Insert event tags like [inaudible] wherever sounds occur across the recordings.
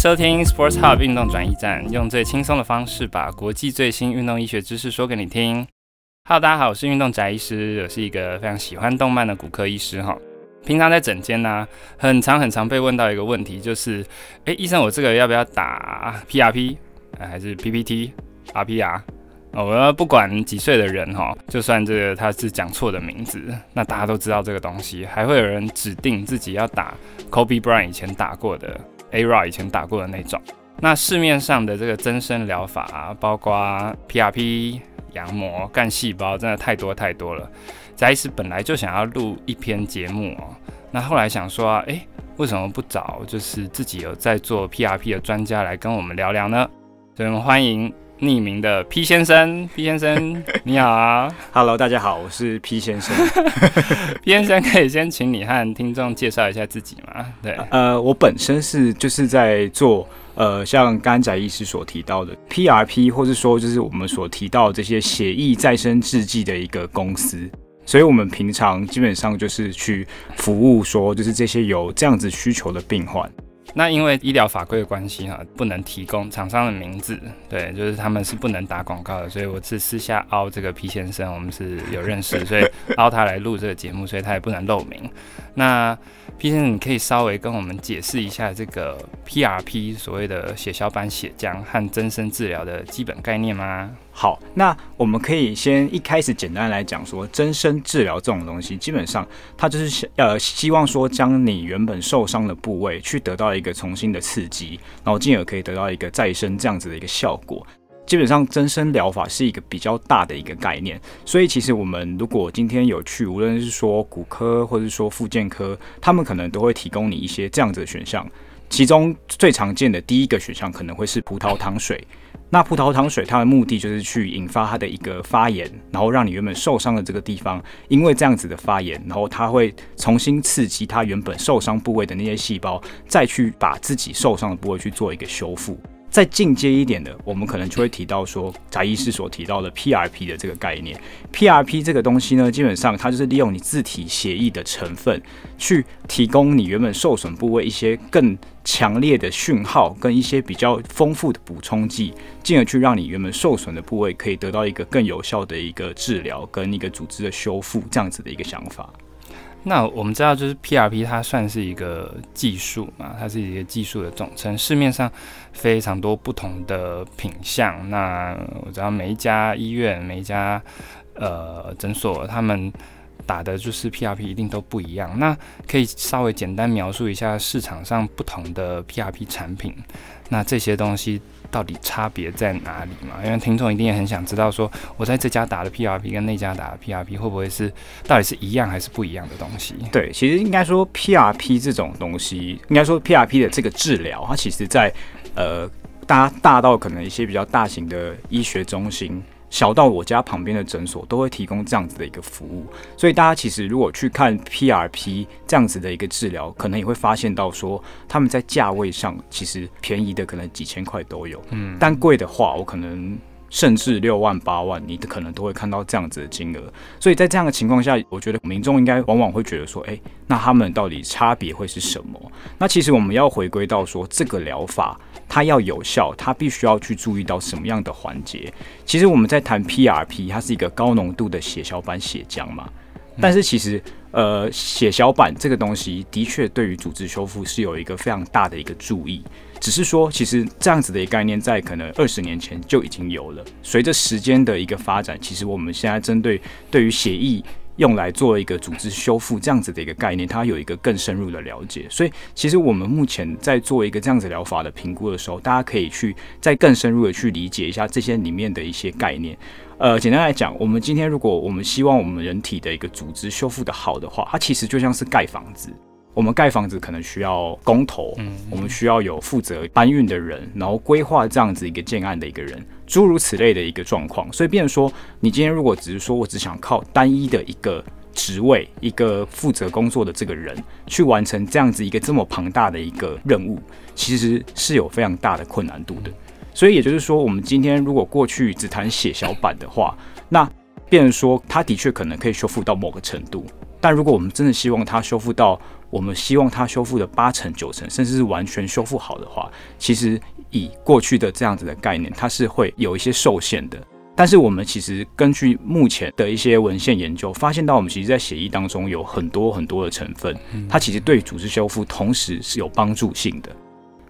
收聽 Sports Hub 運動轉移站，用最輕鬆的方式把國際最新運動醫學知識說給你聽。Hello，大家好，我是運動宅醫師，我是一個非常喜歡動漫的骨科醫師哈。平常在診間呢，很常很常被問到一個問題，就是，哎、欸，醫生，我這個要不要打 PRP，還是 PPT，RPR？我要不管幾歲的人哈，就算這個他是講錯的名字，那大家都知道這個東西，還會有人指定自己要打 Kobe Bryant 以前打過的。Ara 以前打過的那種，那市面上的這個增生療法、啊，包括 PRP 羊、羊膜、幹細胞，真的太多太多了。宅醫師本來就想要錄一篇節目哦、喔，那後來想說，哎、欸，為什麼不找就是自己有在做 PRP 的專家來跟我們聊聊呢？所以我們歡迎。匿名的 P 先生，P 先生你好啊，Hello，大家好，我是 P 先生。 [laughs] P 先生可以先請你和聽眾介紹一下自己嗎？對，呃，我本身是就是在做呃，像剛才醫師所提到的 PRP，或者說就是我們所提到這些血液再生製劑的一個公司，所以我們平常基本上就是去服務，說就是這些有這樣子需求的病患。那因為醫療法規的關係哈，不能提供廠商的名字，對，就是他們是不能打廣告的，所以我只私下凹這個 P 先生，我們是有認識，所以凹他來錄這個節目，所以他也不能露名。那 P 先生，你可以稍微跟我們解釋一下這個 PRP 所謂的血小板血漿和增生治療的基本概念嗎？好，那我們可以先一開始簡單來講說，增生治療這種東西，基本上它就是想要希望說將你原本受傷的部位去得到一個重新的刺激，然後進而可以得到一個再生這樣子的一個效果。基本上增生療法是一個比較大的一個概念，所以其實我們如果今天有去，無論是說骨科或者是說復健科，他們可能都會提供你一些這樣子的選項，其中最常見的第一個選項可能會是葡萄糖水。那葡萄糖水，它的目的就是去引發它的一個發炎，然後讓你原本受傷的這個地方，因為這樣子的發炎，然後它會重新刺激它原本受傷部位的那些細胞，再去把自己受傷的部位去做一個修復。再進階一點的，我們可能就會提到說，宅醫師所提到的 PRP 的這個概念。PRP 這個東西呢，基本上它就是利用你自體血液的成分，去提供你原本受損部位一些更強烈的訊號，跟一些比較豐富的補充劑，進而去讓你原本受損的部位可以得到一個更有效的一個治療，跟一個組織的修復這樣子的一個想法。那我們知道，就是 PRP 它算是一個技術嘛，它是一個技術的總稱。市面上非常多不同的品項。那我知道每一家醫院、每一家呃診所，他們。打的就是 PRP，一定都不一樣。那可以稍微簡單描述一下市場上不同的 PRP 產品，那這些東西到底差別在哪裡嘛？因為聽眾一定也很想知道，說我在這家打的 PRP 跟那家打的 PRP 會不會是，到底是一樣還是不一樣的東西？對，其實應該說 PRP 這種東西，應該說 PRP 的這個治療，它其實在呃，大大到可能一些比較大型的醫學中心。小到我家旁邊的診所都會提供這樣子的一個服務，所以大家其實如果去看 PRP 這樣子的一個治療，可能也會發現到說他們在價位上其實便宜的可能幾千塊都有，嗯，但貴的話我可能甚至六萬、八萬，你可能都會看到這樣子的金額。所以在這樣的情況下，我覺得民眾應該往往會覺得說，誒，那他們到底差別會是什麼？那其實我們要回歸到說這個療法。它要有效，它必須要去注意到什麼樣的環節。其實我們在談 PRP，它是一個高濃度的血小板血漿嘛。但是其實、嗯，呃，血小板這個東西的確對於組織修復是有一個非常大的一個助益。只是說，其實這樣子的一個概念在可能二十年前就已經有了。隨着時間的一個發展，其實我們現在針對對於血液，用來做一個組織修復這樣子的一個概念，它有一個更深入的了解。所以，其實我們目前在做一個這樣子療法的評估的時候，大家可以去再更深入的去理解一下這些裡面的一些概念。呃，簡單來講，我們今天如果我們希望我們人體的一個組織修復得好的話，它其實就像是蓋房子。我們蓋房子可能需要工頭、嗯嗯，我們需要有負責搬運的人，然後規劃這樣子一個建案的一個人。諸如此類的一個狀況，所以變成說：“你今天如果只是說我只想靠單一的一個職位、一個負責工作的這個人去完成這樣子一個這麼龐大的一個任務，其實是有非常大的困難度的。”所以也就是說，我們今天如果過去只談血小板的話，那變成說他的確可能可以修復到某個程度，但如果我們真的希望他修復到我們希望他修復的八成、九成，甚至是完全修復好的話，其實。以過去的這樣子的概念，它是會有一些受限的。但是我們其實根據目前的一些文獻研究，發現到我們其實，在血液當中有很多很多的成分，它其實對組織修復同時是有幫助性的。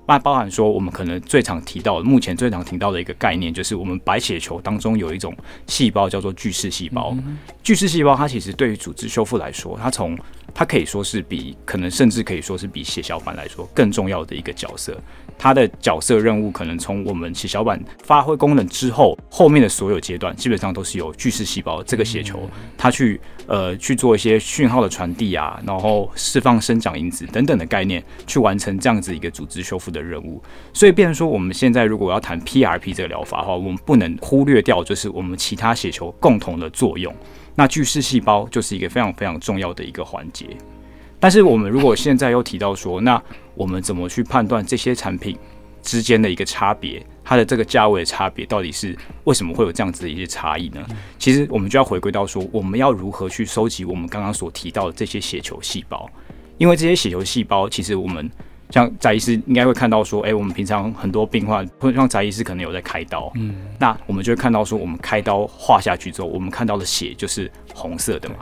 那包含說，我們可能最常提到的，目前最常提到的一個概念，就是我們白血球當中有一種細胞叫做巨噬細胞。巨噬細胞它其實對於組織修復來說，它從它可以說是比可能甚至可以說是比血小板來說更重要的一個角色。它的角色任務可能從我們血小板發揮功能之後，後面的所有階段基本上都是由巨噬細胞這個血球它去呃去做一些訊號的傳遞啊，然後釋放生長因子等等的概念去完成這樣子一個組織修復的任務。所以，變成說我們現在如果要談 PRP 這個療法的話，我們不能忽略掉就是我們其他血球共同的作用。那巨噬細胞就是一個非常非常重要的一個環節。但是，我們如果現在又提到說那。我們怎麼去判斷這些產品之間的一個差別？它的這個價位的差別到底是為什麼會有這樣子的一些差異呢、嗯？其實我們就要回歸到說，我們要如何去收集我們剛剛所提到的這些血球細胞。因為這些血球細胞，其實我們像翟醫師應該會看到說，哎、欸，我們平常很多病患像翟醫師可能有在開刀，嗯，那我們就會看到說，我們開刀劃下去之後，我們看到的血就是紅色的嘛。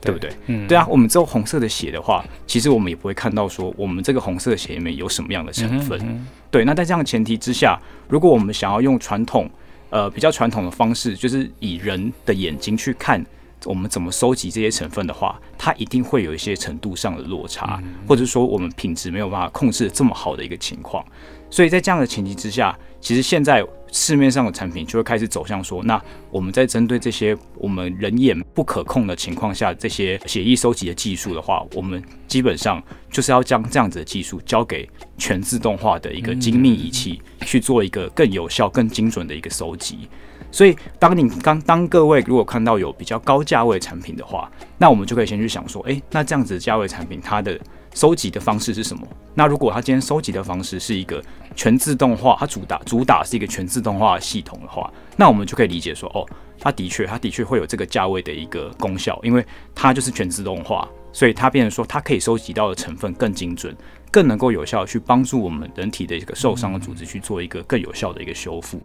對，對不對？嗯，對啊。我們只有紅色的血的話，其實我們也不會看到說我們這個紅色的血裡面有什麼樣的成分。嗯嗯、對，那在這樣的前提之下，如果我們想要用傳統，呃，比較傳統的方式，就是以人的眼睛去看，我們怎麼收集這些成分的話，它一定會有一些程度上的落差、嗯，或者說我們品質沒有辦法控制這麼好的一個情況。所以在這樣的前提之下，其實現在市面上的產品就會開始走向說，那我們在針對這些我們人眼不可控的情況下，這些血液收集的技術的話，我們基本上就是要將這樣子的技術交給全自動化的一個精密儀器去做一個更有效、更精準的一個收集。所以，當你剛當各位如果看到有比較高價位產品的話，那我們就可以先去想說，哎、欸，那這樣子價位產品它的。收集的方式是什麼？那如果它今天收集的方式是一個全自動化，它主打主打是一個全自動化的系統的話，那我們就可以理解說，哦，它的確，它的確會有這個價位的一個功效，因為它就是全自動化，所以它變成說它可以收集到的成分更精準，更能夠有效地去幫助我們人體的一個受傷的組織去做一個更有效的一個修復。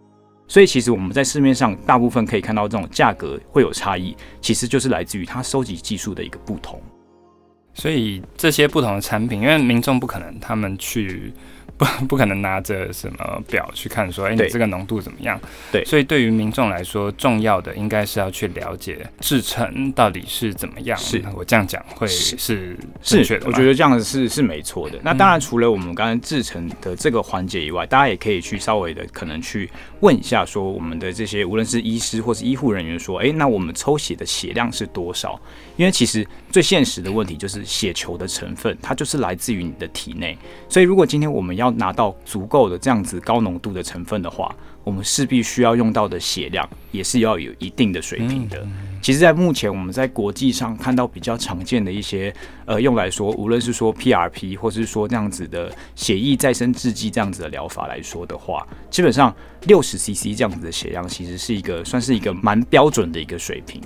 所以，其實我們在市面上大部分可以看到這種價格會有差異，其實就是來自於它收集技術的一個不同。所以這些不同的產品，因為民眾不可能，他們去不不可能拿着什麼表去看說，說、欸、哎，你這個濃度怎麼樣？對。所以對於民眾來說，重要的應該是要去了解製程到底是怎麼樣。是。我這樣講會是是。正確的。是。我覺得這樣是是沒錯的。那當然，除了我們剛才製程的這個環節以外，嗯，大家也可以去稍微的可能去。問一下，說我們的這些無論是醫師或是醫護人員，說，誒、欸，那我們抽血的血量是多少？因為其實最現實的問題就是血球的成分，它就是來自於你的體內。所以，如果今天我們要拿到足夠的這樣子高濃度的成分的話，我們勢必需要用到的血量也是要有一定的水平的。其實，在目前我們在國際上看到比較常見的一些呃，用來說，無論是說 PRP 或是說這樣子的血液再生製劑這樣子的療法來說的話，基本上六十 CC 這樣子的血量，其實是一個算是一個蠻標準的一個水平。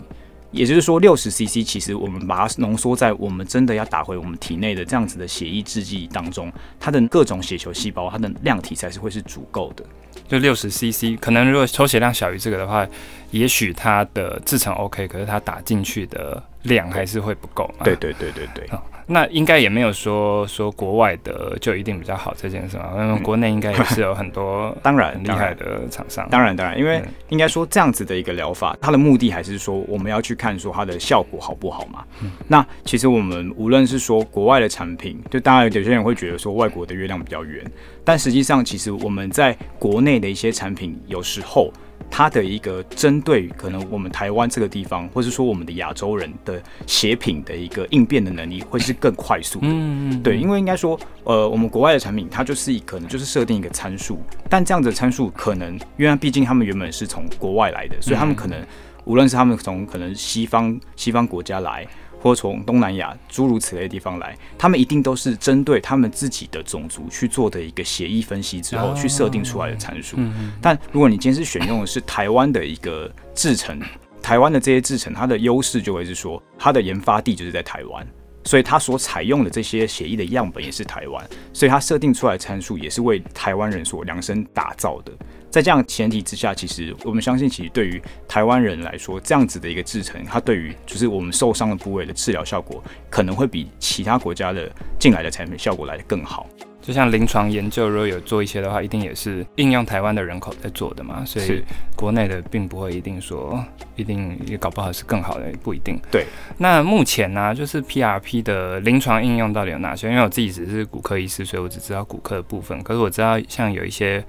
也就是說，六十 CC 其實我們把它濃縮在我們真的要打回我們體內的這樣子的血液制劑當中，它的各種血球細胞，它的量體才是會是足夠的。就六十 CC，可能如果抽血量小於這個的話，也許它的制成 OK，可是它打進去的量還是會不夠。對對對對對，對。Oh. 那應該也沒有說說國外的就一定比較好這件事嘛，嗯、因為國內應該也是有很多很當然厲害的廠商。當然，當然，因為應該說這樣子的一個療法，嗯、它的目的還是說我們要去看說它的效果好不好嘛。嗯、那其實我們無論是說國外的產品，就當然有些人會覺得說外國的月亮比較圓，但實際上其實我們在國內的一些產品有時候。它的一個針對可能我們台灣這個地方，或是說我們的亞洲人的鞋品的一個應變的能力，會是更快速的。嗯，嗯，嗯、對，因為應該說，呃，我們國外的產品，它就是可能就是設定一個參數，但這樣的參數可能，因為畢竟他們原本是從國外來的，所以他們可能，無論是他們從可能西方西方國家來。或從東南亞諸如此類的地方來，他們一定都是針對他們自己的種族去做的一個協議分析之後，去設定出來的參數。但如果你今天是選用的是台灣的一個製程，台灣的這些製程，它的優勢就會是說，它的研發地就是在台灣，所以它所採用的這些協議的樣本也是台灣，所以它設定出來的參數也是為台灣人所量身打造的。在這樣前提之下，其實我們相信，其實對於台灣人來說，這樣子的一個製程，它對於就是我們受傷的部位的治療效果，可能會比其他國家的進來的產品效果來得更好。就像臨床研究如果有做一些的話，一定也是應用台灣的人口在做的嘛，所以國內的並不會一定說，一定也搞不好是更好的，不一定。對。那目前呢、啊，就是 PRP 的臨床應用到底有哪些？因為我自己只是骨科醫師，所以我只知道骨科的部分。可是我知道像有一些。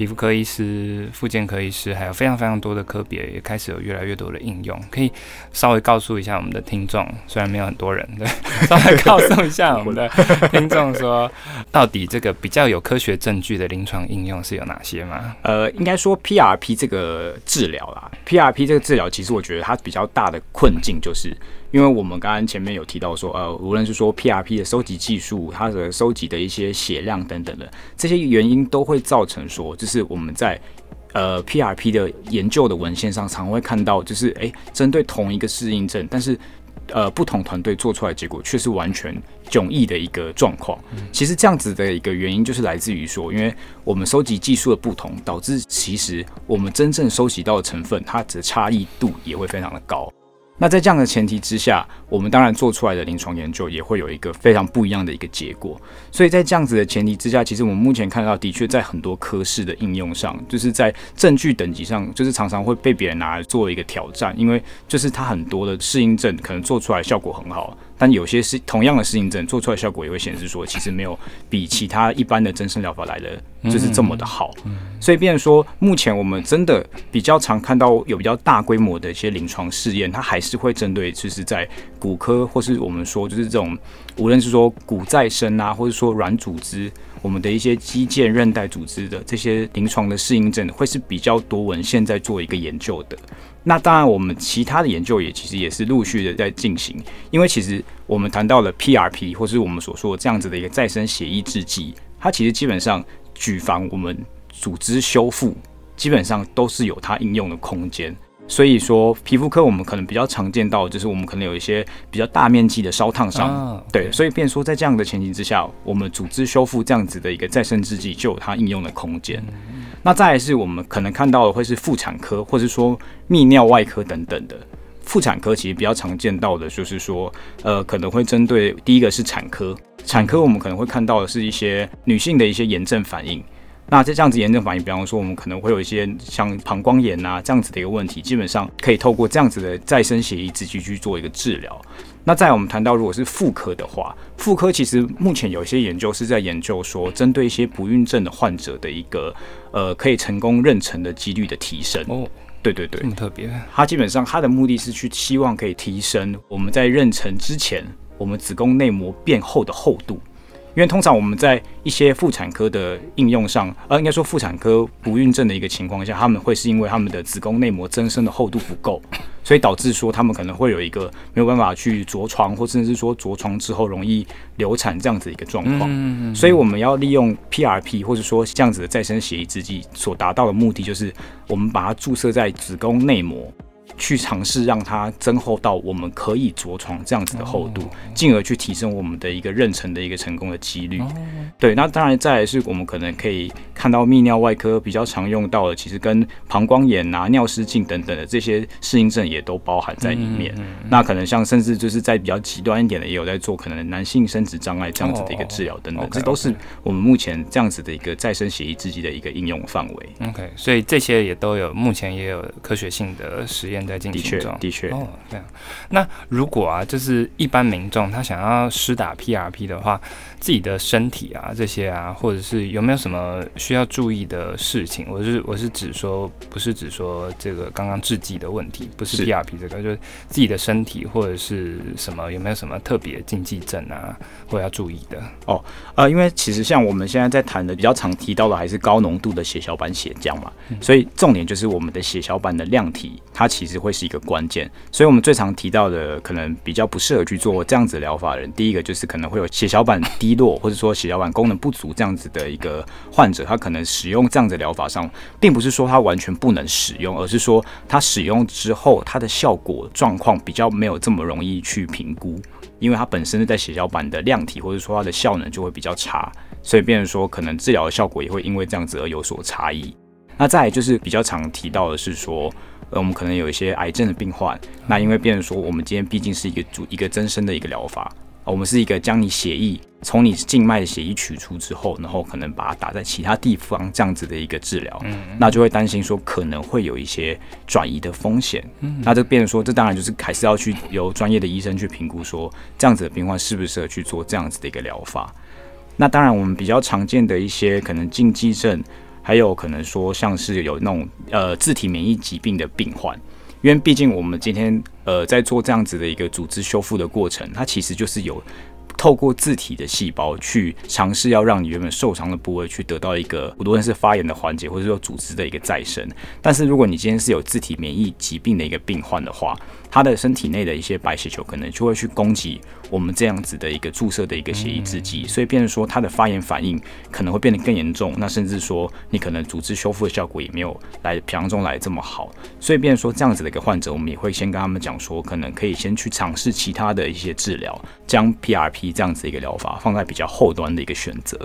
皮膚科醫師、復健科醫師，還有非常非常多的科別，也開始有越來越多的應用。可以稍微告訴一下我們的聽眾，雖然沒有很多人，對，稍微告訴一下我們的聽眾說，到底這個比較有科學證據的臨床應用是有哪些嗎？呃，應該說 PRP 這個治療啦，PRP 這個治療，其實我覺得它比較大的困境就是，因為我們剛剛前面有提到說，呃，無論是說 PRP 的收集技術，它的收集的一些血量等等的這些原因，都會造成說。是我們在呃 PRP 的研究的文獻上，常會看到，就是哎，針對同一個適應症，但是呃不同團隊做出來的結果卻是完全迥異的一個狀況。嗯。其實這樣子的一個原因，就是來自於說，因為我們收集技術的不同，導致其實我們真正收集到的成分，它的差異度也會非常的高。那在這樣的前提之下，我們當然做出來的臨床研究也會有一個非常不一樣的一個結果。所以在這樣子的前提之下，其實我們目前看到的確在很多科室的應用上，就是在證據等級上，就是常常會被別人拿來做一個挑戰，因為就是它很多的適應症可能做出來效果很好。但有些是同樣的適應症做出來的效果也會顯示說，其實沒有比其他一般的增生療法來的就是這麼的好。所以，變成說目前我們真的比較常看到有比較大規模的一些臨床試驗，它還是會針對就是在骨科或是我們說就是這種無論是說骨再生啊，或者說軟組織，我們的一些肌腱、韌帶組織的這些臨床的適應症，會是比較多文獻在做一個研究的。那當然，我們其他的研究也其實也是陸續的在進行。因為其實我們談到了 PRP，或是我們所說的這樣子的一個再生血液制劑，它其實基本上舉凡我們組織修復，基本上都是有它應用的空間。所以說，皮膚科我們可能比較常見到，就是我們可能有一些比較大面積的燒燙傷，對，所以變成說在這樣的前提之下，我們組織修復這樣子的一個再生制劑就有它應用的空間。那再來是我們可能看到的會是婦產科，或者說泌尿外科等等的。婦產科其實比較常見到的就是說，呃，可能會針對第一個是產科，產科我們可能會看到的是一些女性的一些炎症反應。那這這樣子炎症反應，比方說我們可能會有一些像膀胱炎啊這樣子的一個問題，基本上可以透過這樣子的再生協議直接去做一個治療。那在我們談到如果是婦科的話，婦科其實目前有一些研究是在研究說，針對一些不孕症的患者的一個呃可以成功妊娠的幾率的提升。哦，對對對，很特別。它基本上它的目的是去希望可以提升我們在妊娠之前我們子宮內膜變厚的厚度。因為通常我們在一些婦產科的應用上，呃，應該說婦產科不孕症的一個情況下，他們會是因為他們的子宮內膜增生的厚度不夠，所以導致說他們可能會有一個沒有辦法去着床，或甚至是說着床之後容易流產這樣子一個狀況。嗯嗯嗯嗯。所以我們要利用 PRP 或者說這樣子的再生協議製劑所達到的目的，就是我們把它注射在子宮內膜，去嘗試讓它增厚到我們可以着床這樣子的厚度，進、oh. 而去提升我們的一個妊娠的一個成功的幾率。Oh. 對，那當然再來是我們可能可以看到泌尿外科比較常用到的，其實跟膀胱炎啊、尿失禁等等的這些適應症也都包含在裡面。Mm -hmm. 那可能像甚至就是在比較極端一點的，也有在做可能男性生殖障礙這樣子的一個治療等等，這、oh. 都、okay. 是我們目前這樣子的一個再生血液製劑的一個應用範圍。Okay. OK，所以這些也都有，目前也有科學性的實驗。的確的確，哦，這樣、oh, yeah.，那如果啊，就是一般民眾他想要施打 PRP 的話，自己的身體啊這些啊，或者是有沒有什麼需要注意的事情？我是我是指說，不是指說，這個剛剛製劑的問題，不是 PRP 這個，就是自己的身體或者是什麼有沒有什麼特別禁忌症啊，或要注意的？哦、oh,，呃，因為其實像我們現在在談的比較常提到的還是高濃度的血小板血漿嘛、嗯，所以重點就是我們的血小板的量體，它其實。實會是一個關鍵，所以我們最常提到的，可能比較不適合去做這樣子療法的人，第一個就是可能會有血小板低落，或者說血小板功能不足這樣子的一個患者，他可能使用這樣子療法上，並不是說他完全不能使用，而是說他使用之後，它的效果狀況比較沒有這麼容易去評估，因為他本身是在血小板的量體，或者說它的效能就會比較差，所以變成說，可能治療的效果也會因為這樣子而有所差異。那再就是比較常提到的是說。而我們可能有一些癌症的病患，那因為變成說，我們今天畢竟是一個主一個增生的一個療法，我們是一個將你血液從你靜脈的血液取出之後，然後可能把它打在其他地方這樣子的一個治療，嗯嗯，那就會擔心說可能會有一些轉移的風險，嗯嗯，那這變成說，這當然就是還是要去由專業的醫生去評估說，這樣子的病患適不適合去做這樣子的一個療法，那當然我們比較常見的一些可能禁忌症。還有可能說，像是有那種呃自體免疫疾病的病患，因為畢竟我們今天呃在做這樣子的一個組織修復的過程，它其實就是有透過自體的細胞去嘗試要讓你原本受傷的部位去得到一個無論是發炎的緩解，或者說組織的一個再生。但是如果你今天是有自體免疫疾病的一個病患的話，他的身體內的一些白血球可能就會去攻擊我們這樣子的一個注射的一個協議制劑，所以變成說它的發炎反應可能會變得更嚴重，那甚至說你可能組織修復的效果也沒有來平常中來這麼好，所以變成說這樣子的一個患者，我們也會先跟他們講說，可能可以先去嘗試其他的一些治療，將 PRP 這樣子一個療法放在比較後端的一個選擇。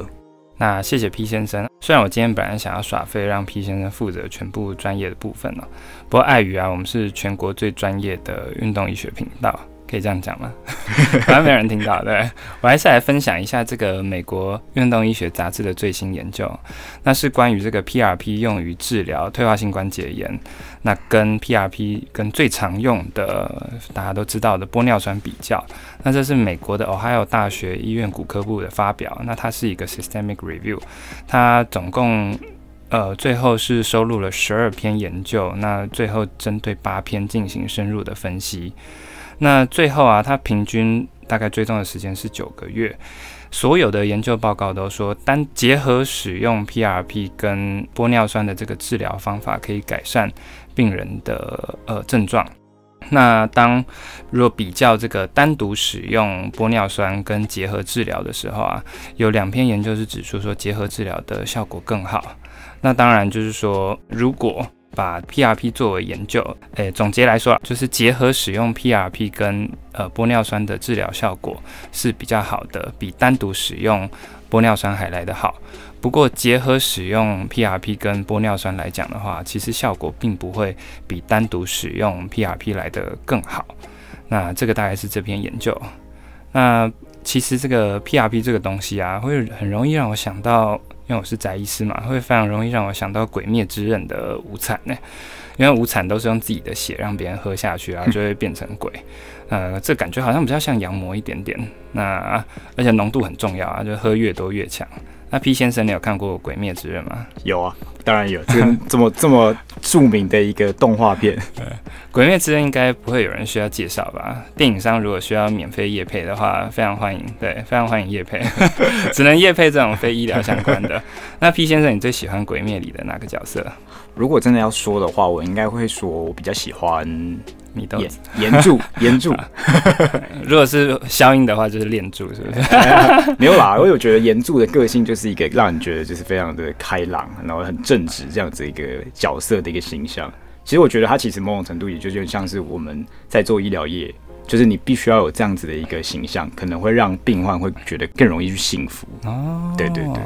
那謝謝 P 先生，雖然我今天本來想要耍廢讓 P 先生負責全部專業的部分，不過礙於啊，我們是全國最專業的運動醫學頻道。可以這樣講嗎？反 [laughs] 正沒人聽到。對 [laughs] 我還是來分享一下這個美國運動醫學雜誌的最新研究，那是關於這個 PRP 用於治療退化性關節炎。那跟 PRP 跟最常用的大家都知道的玻尿酸比較，那這是美國的 Ohio 大學醫院骨科部的發表。那它是一個 systemic review，它總共呃最後是收錄了十二篇研究，那最後針對八篇進行深入的分析。那最後啊，它平均大概追蹤的時間是九個月，所有的研究報告都說，單結合使用 PRP 跟玻尿酸的這個治療方法可以改善病人的呃症狀。那當如果比較這個單獨使用玻尿酸跟結合治療的時候啊，有兩篇研究是指出說結合治療的效果更好。那當然就是說如果。把 PRP 作為研究，誒、欸，總結來說就是結合使用 PRP 跟呃玻尿酸的治療效果是比較好的，比單獨使用玻尿酸還來得好。不過，結合使用 PRP 跟玻尿酸來講的話，其實效果並不會比單獨使用 PRP 來得更好。那這個大概是這篇研究。那其實這個 PRP 這個東西啊，會很容易讓我想到。因為我是宅醫師嘛，會非常容易讓我想到《鬼滅之刃》的無慘呢、欸、因為無慘都是用自己的血讓別人喝下去啊，就會變成鬼。嗯、呃，這感覺好像比較像羊膜一點點。那而且濃度很重要啊，就喝越多越強。那 P 先生，你有看過《鬼滅之刃》嗎？有啊。當然有，這，是這麼這麼著名的一個動畫片， [laughs] 對《鬼滅之刃》應該不會有人需要介紹吧？電影商，如果需要免費業配的話，非常歡迎，對，非常歡迎業配， [laughs] 只能業配這種非醫療相關的。 [laughs] 那 P 先生，你最喜歡《鬼滅》裡的哪個角色？如果真的要說的話，我應該會說我比較喜歡。你炎炎柱炎柱，柱 [laughs] 柱柱 [laughs] [laughs] 如果是消音的話，就是戀柱，是不是、 [laughs] 哎？沒有啦，我有覺得炎柱的個性就是一個讓人覺得就是非常的開朗，然後很正直這樣子一個角色的一個形象。其實我覺得他其實某種程度也就有點像是我們在做醫療業，就是你必須要有這樣子的一個形象，可能會讓病患會覺得更容易去信服。哦，對對對。誒、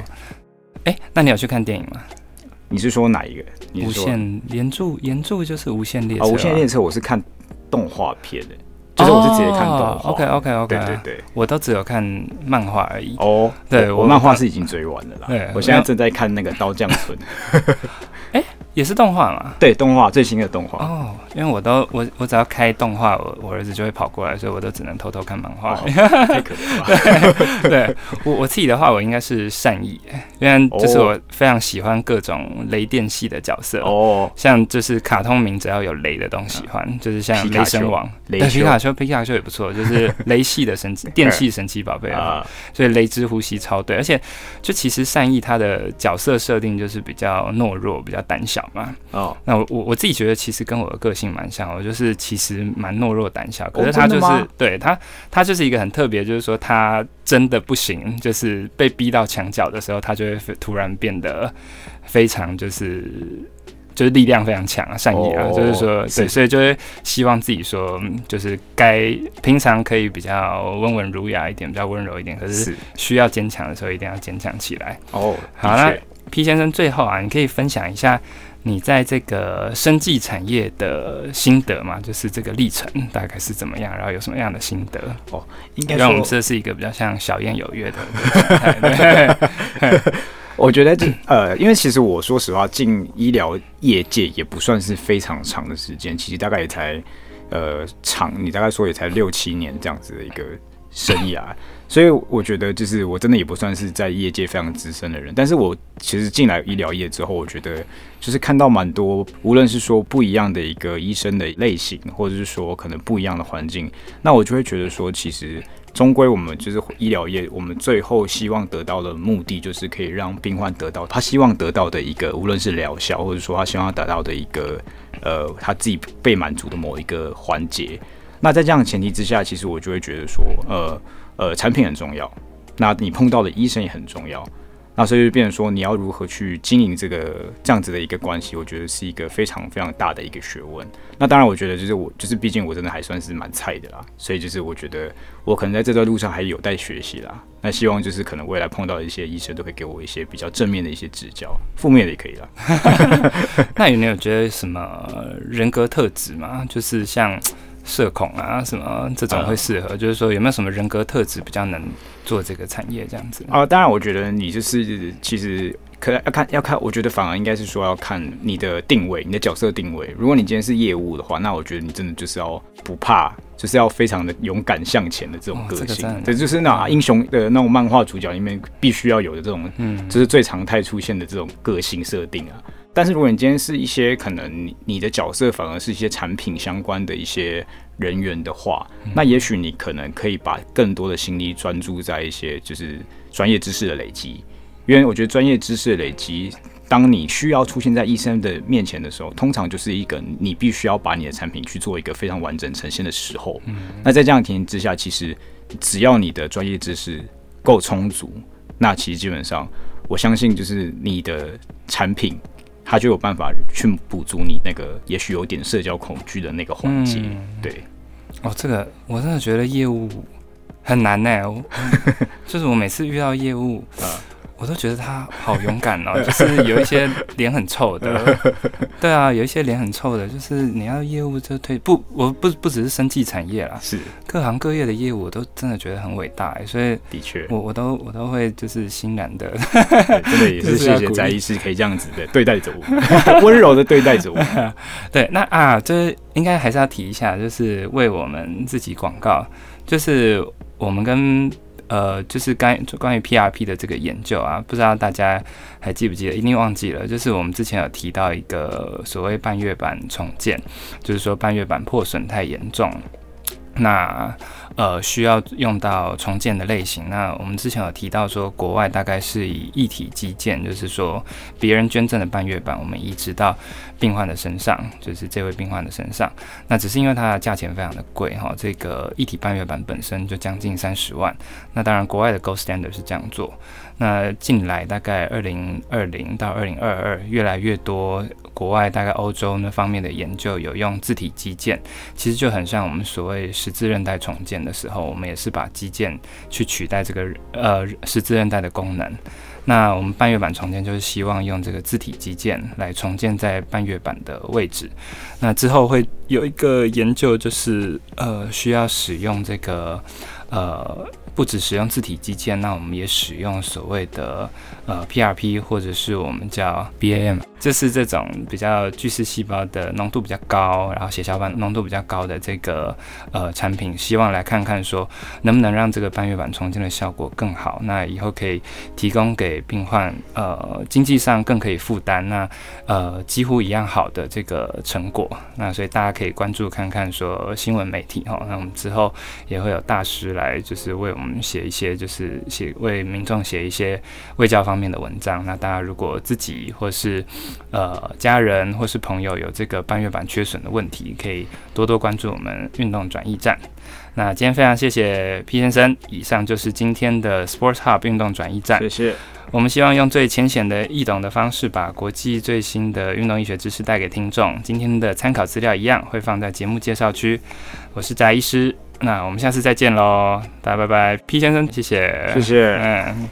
欸，那你有去看電影嗎？你是說哪一個？啊、無限炎柱炎柱就是無限列車、啊哦。無限列車，我是看。動畫片誒，就是我是直接看動畫，oh,，OK OK OK，對對對，我都只有看漫畫而已哦。Oh, 對，我漫畫是已經追完了啦， [laughs] 我現在正在看那個刀匠村。 [laughs] [laughs] 也是動畫嘛？對，動畫最新的動畫哦。Oh, 因為我都我我只要開動畫，我我兒子就會跑過來，所以我都只能偷偷看漫畫。哈哈哈，對，我我自己的話，我應該是善逸，因為就是我非常喜歡各種雷電系的角色哦，oh. 像就是卡通名，只要有雷的都喜歡，啊，就是像雷神王、皮卡丘、皮卡丘也不錯，就是雷系的神奇 [laughs] 電系神奇寶貝啊。Uh. 所以雷之呼吸超對，而且就其實善逸他的角色設定就是比較懦弱，比較膽小。嘛哦，那我我自己覺得其實跟我的個性蠻像，我就是其實蠻懦弱膽小，可是他就是、哦、對他他就是一個很特別，就是說他真的不行，就是被逼到牆角的時候，他就會突然變得非常就是就是力量非常強，善意啊，哦、就是說、哦、對是，所以就會希望自己說就是該平常可以比較溫文儒雅一點，比較溫柔一點，可是需要堅強的時候一定要堅強起來哦。好那 P 先生，最後啊，你可以分享一下。你在這個生技產業的心得嘛，就是這個歷程大概是怎麼樣，然後有什麼樣的心得哦？應該說，我們這是一個比較像小燕有約的。 [laughs] 對 [laughs] [laughs] 我覺得這 [coughs] 呃，因為其實我說實話，進醫療業界也不算是非常長的時間，其實大概也才呃長，你大概說也才六七年這樣子的一個生涯。 [coughs] 所以我覺得，就是我真的也不算是在業界非常資深的人，但是我其實進來醫療業之後，我覺得就是看到蠻多，無論是說不一樣的一個醫生的類型，或者是說可能不一樣的環境，那我就會覺得說，其實終歸我們就是醫療業，我們最後希望得到的目的，就是可以讓病患得到他希望得到的一個，無論是療效，或者說他希望達到的一個，呃，他自己被滿足的某一個環節。那在這樣的前提之下，其實我就會覺得說，呃。呃，產品很重要，那你碰到的醫生也很重要，那所以就變成說你要如何去經營這個這樣子的一個關係，我覺得是一個非常非常大的一個學問。那當然，我覺得就是我就是畢竟我真的還算是蠻菜的啦，所以就是我覺得我可能在這段路上還有待學習啦。那希望就是可能未來碰到的一些醫生都會給我一些比較正面的一些指教，負面的也可以啦。 [laughs] [laughs] [laughs] 那有沒有覺得什麼人格特質嗎？就是像。社恐啊，什麼這種會適合？就是說，有沒有什麼人格特質比較能做這個產業這樣子？啊、呃，當然，我覺得你就是其實可要看要看，我覺得反而應該是說，要看你的定位，你的角色定位。如果你今天是業務的話，那我覺得你真的就是要不怕，就是要非常的勇敢向前的這種個性，哦這個，對，就是那英雄的那種漫畫主角裡面必須要有的這種，嗯，就是最常態出現的這種個性設定啊。嗯但是，如果你今天是一些可能你的角色反而是一些產品相關的一些人員的話，嗯、那也許你可能可以把更多的心力專注在一些就是專業知識的累積，因為我覺得專業知識的累積，當你需要出現在醫生的面前的時候，通常就是一個你必須要把你的產品去做一個非常完整呈現的時候。嗯、那在這樣情形之下，其實只要你的專業知識夠充足，那其實基本上我相信就是你的產品。他就有辦法去補足你那個也許有點社交恐懼的那個環節、嗯，對。哦，這個我真的覺得業務很難呢、欸， [laughs] 就是我每次遇到業務啊。嗯我都覺得他好勇敢哦， [laughs] 就是有一些臉很臭的， [laughs] 對啊，有一些臉很臭的，就是你要業務就退，不，我不不只是生技產業啦，是各行各業的業務，我都真的覺得很偉大、欸，所以的確，我我都我都會就是欣然的， [laughs] 真的也是謝謝宅醫師可以這樣子的對待着我，溫 [laughs] [laughs] 柔的對待着我。 [laughs] 對，那啊，就是、應該還是要提一下，就是為我們自己廣告，就是我們跟。呃，就是關於關於 PRP 的這個研究啊，不知道大家還記不記得？一定忘記了。就是我們之前有提到一個所謂半月板重建，就是說半月板破損太嚴重，那。呃，需要用到重建的類型。那我們之前有提到說，國外大概是以異體肌腱，就是說別人捐贈的半月板，我們移植到病患的身上，就是這位病患的身上。那只是因為它的價錢非常的貴哈，這個異體半月板本身就將近三十萬。那當然，國外的 Gold Standard 是這樣做。那近來大概二零二零到二零二二，越來越多國外大概歐洲那方面的研究有用自體肌腱，其實就很像我們所謂十字韌帶重建的時候，我們也是把肌腱去取代這個呃十字韌帶的功能。那我們半月板重建就是希望用這個自體肌腱來重建在半月板的位置。那之後會有一個研究就是呃需要使用這個呃。不只使用自體肌腱，那我們也使用所謂的呃 PRP 或者是我們叫 BAM，這是這種比較巨噬細胞的濃度比較高，然後血小板濃度比較高的這個呃產品，希望來看看說能不能讓這個半月板重建的效果更好。那以後可以提供給病患呃經濟上更可以負擔，那呃幾乎一樣好的這個成果。那所以大家可以關注看看說新聞媒體哈、哦，那我們之後也會有大師來就是為我們。寫一些就是寫為民眾寫一些衛教方面的文章。那大家如果自己或是呃家人或是朋友有這個半月板缺損的問題，可以多多關注我們運動轉譯站。那今天非常謝謝 P 先生，以上就是今天的 Sports Hub 運動轉譯站。謝謝。我們希望用最淺顯的易懂的方式，把國際最新的運動醫學知識帶給聽眾。今天的參考資料一樣會放在節目介紹區。我是翟醫師。那我們下次再見嘍，大家拜拜，P 先生，謝謝，謝謝，嗯。